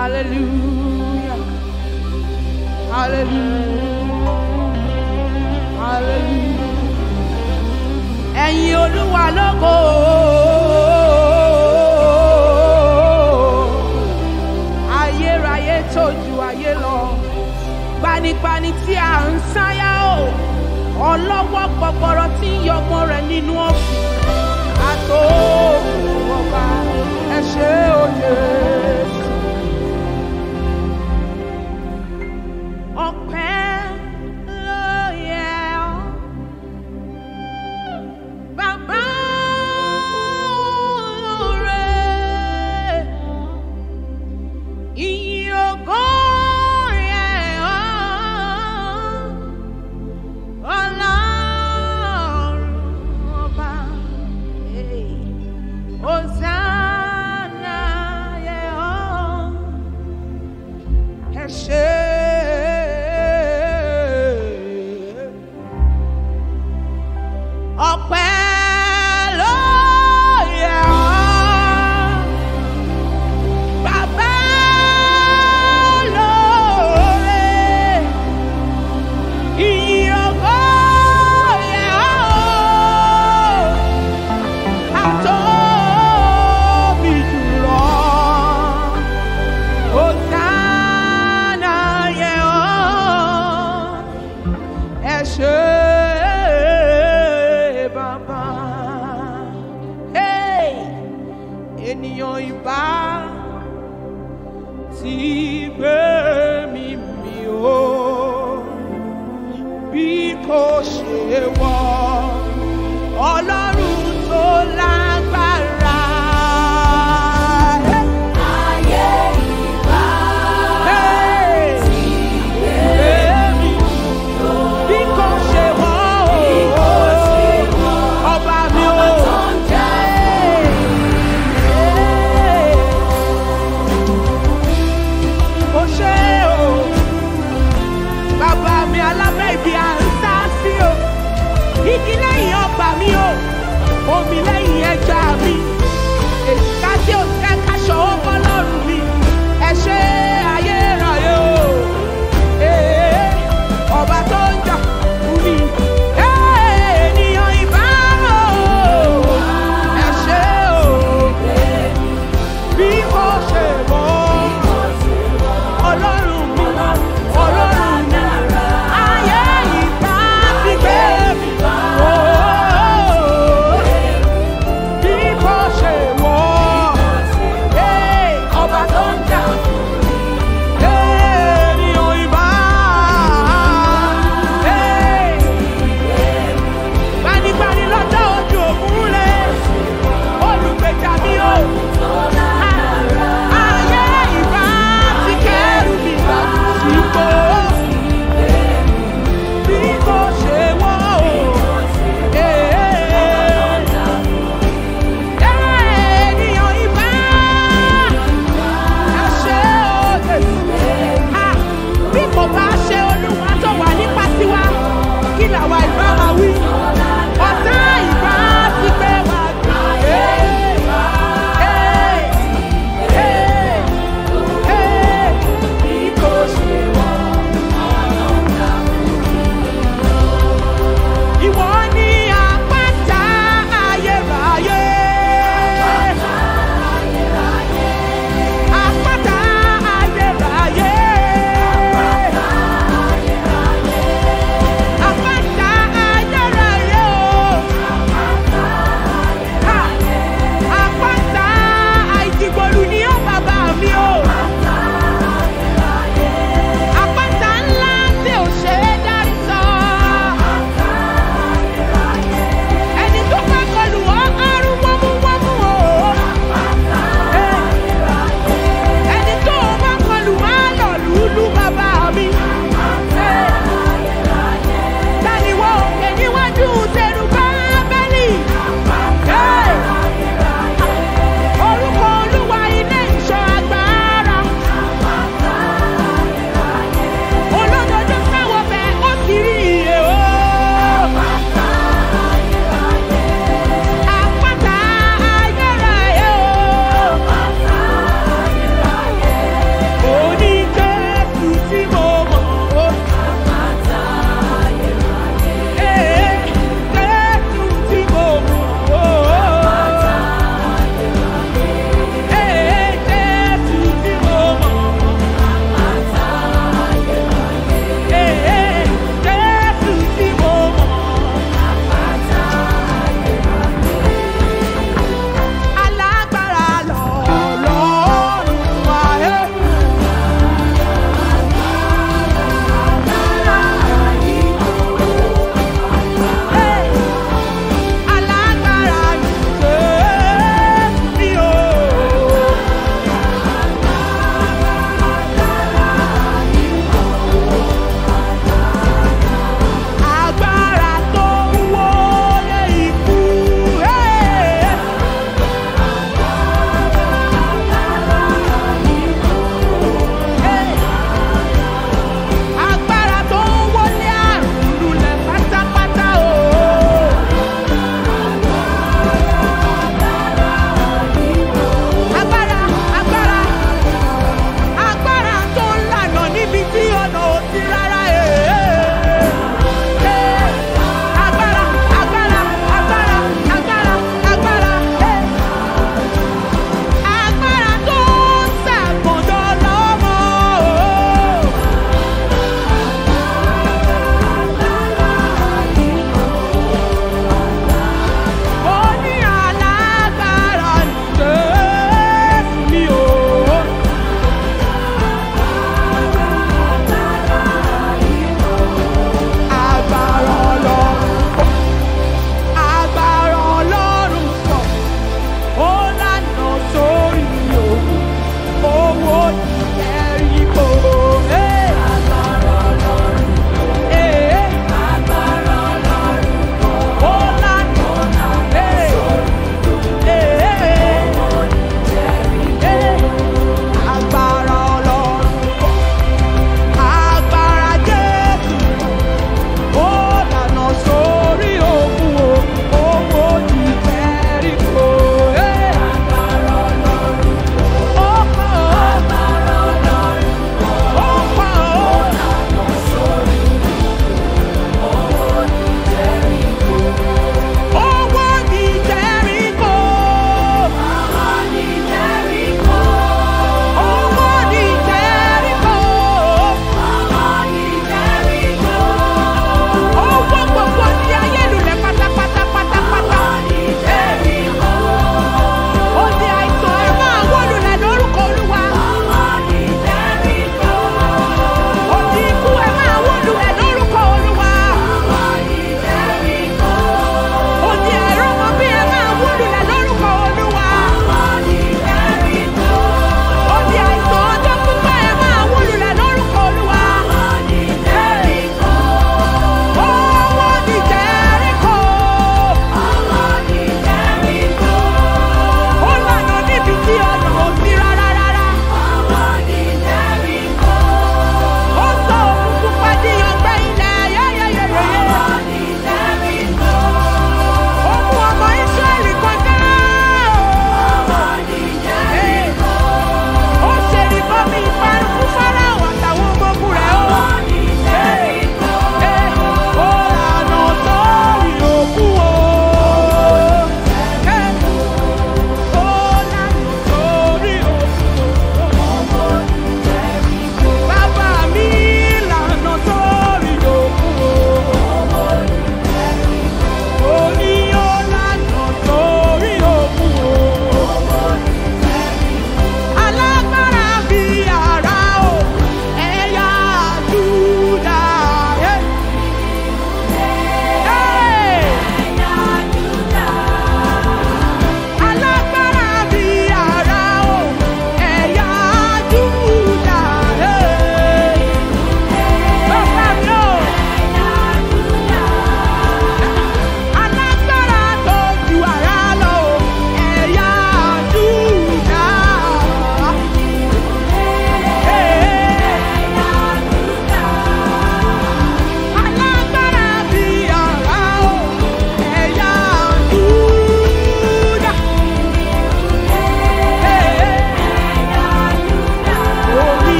Hallelujah. Hallelujah. Hallelujah. Ẹ̀yin Olúwa lógo. Ayérayé tó ju ayé lọ. Gbanipani tí a ń sáyà o. Ọlọ́wọ́ gbọgbọrọ tí ń yọgbọ́n rẹ̀ nínú ọ̀fìn. Àtò òkú ọba ẹ ṣe òye. E igi lẹ́yìn ọgbà mi o omi lẹ́yìn ẹja mi èjìká.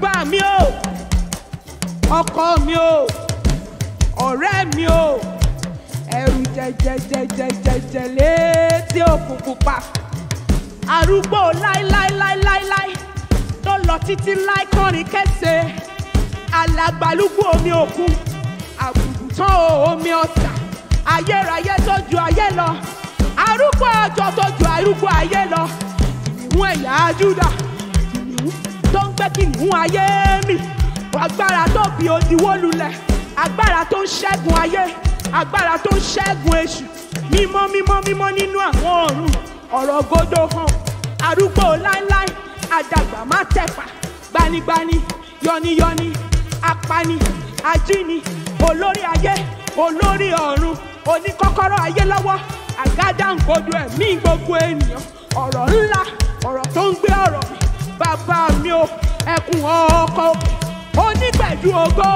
gbà mí o ọkọ mi o ọ̀rẹ́ mi o ẹrù jẹjẹjẹjẹjẹjẹ létí òkun pupa arúgbó láíláíláíláí tó lọ títí láí kọrin kése alàgbàlúgbò omi òkun àgùntàn omi ọ̀sà ayérayé tó ju ayé lọ arúgbó ọjọ́ tó ju arúgbó ayé lọ ìwọ̀n ẹ̀yà Júdà jẹ́ kí nìhun ayé mi agbára tó fi òdiwó lulẹ̀ agbára tó ń ṣẹ́gun ayé agbára tó ń ṣẹ́gun èṣù mímọ́ mímọ́ mímọ́ nínú àwọn ọ̀run ọ̀rọ̀ godo hàn arúgbó láíláí àdàgbà má tẹ̀pà gbanigbani yọniyọni apani ajíni olórí ayé olórí ọ̀run oníkọ́kọ́rọ́ ayé lọ́wọ́ àgádáǹkodò ẹ̀mí gbogbo ènìyàn ọ̀rọ̀ ńlá ọ̀rọ̀ tó ń gbé ọ̀rọ̀ mi bàbá mi o ẹkùn ọkọ onígbẹ̀jú ògo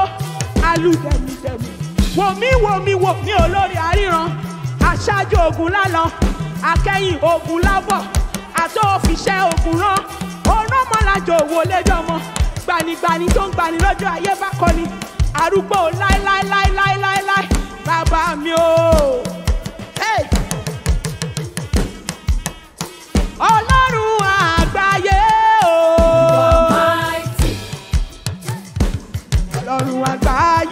alùdẹ̀mùdẹ̀mù wòmí wòmí wòmí olórí aríran aṣáájú ogun lálọ akẹ́yìn ogun lábọ̀ àtòfiṣẹ́ ogun rán ọ̀rọ̀mọ́lájọ òwò lẹ́jọ́mọ́ gbanigbani tó ń gbani lọ́jọ́ ayé bá kọ́ni arúgbó láéláéláéláéláé bàbá mi ooo. àgbáyé.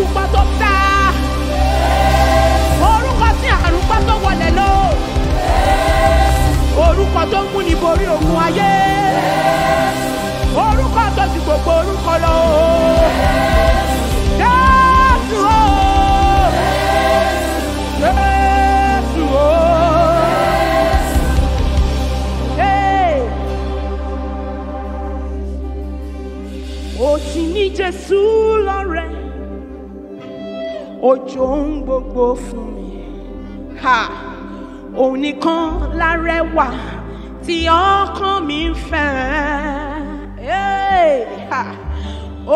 ikú tó ta orúkọ tí àrùn pa tó wọlé lọ orúkọ tó mú ni borí ogun ayé orúkọ tó ti gbogbo orúkọ lọ Jésù o Jésù o ojú ohun gbogbo fún mi òun nìkan lárẹwà tí ọkàn mi ń fẹ́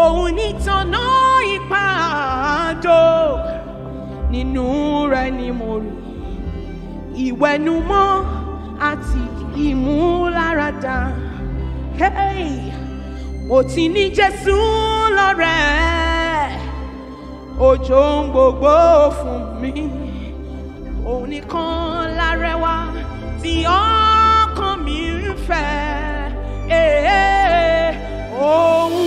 òun nìtànà ìpàdó nínú rẹ̀ ni mo rí ìwẹ̀nùmọ́ àti ìmúláradá mo ti ní Jésù lọ́rẹ̀ẹ́ òjò ń gbogbo fún mi òun nìkan lárẹwà tí ọkàn mi ń fẹ́ òun.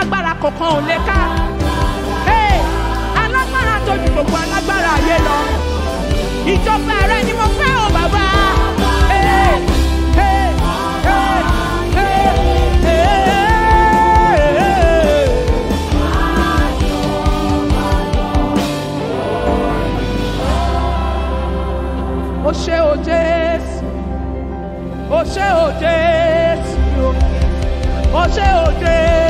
tágbára kankan ò lè ká alágbára tó gbogbo alágbára ayé lọ ìjọba rẹ ni mo fẹ́ o bàbá. O ṣé o Jésù, o ṣé o Jésù, o ṣé o Jésù.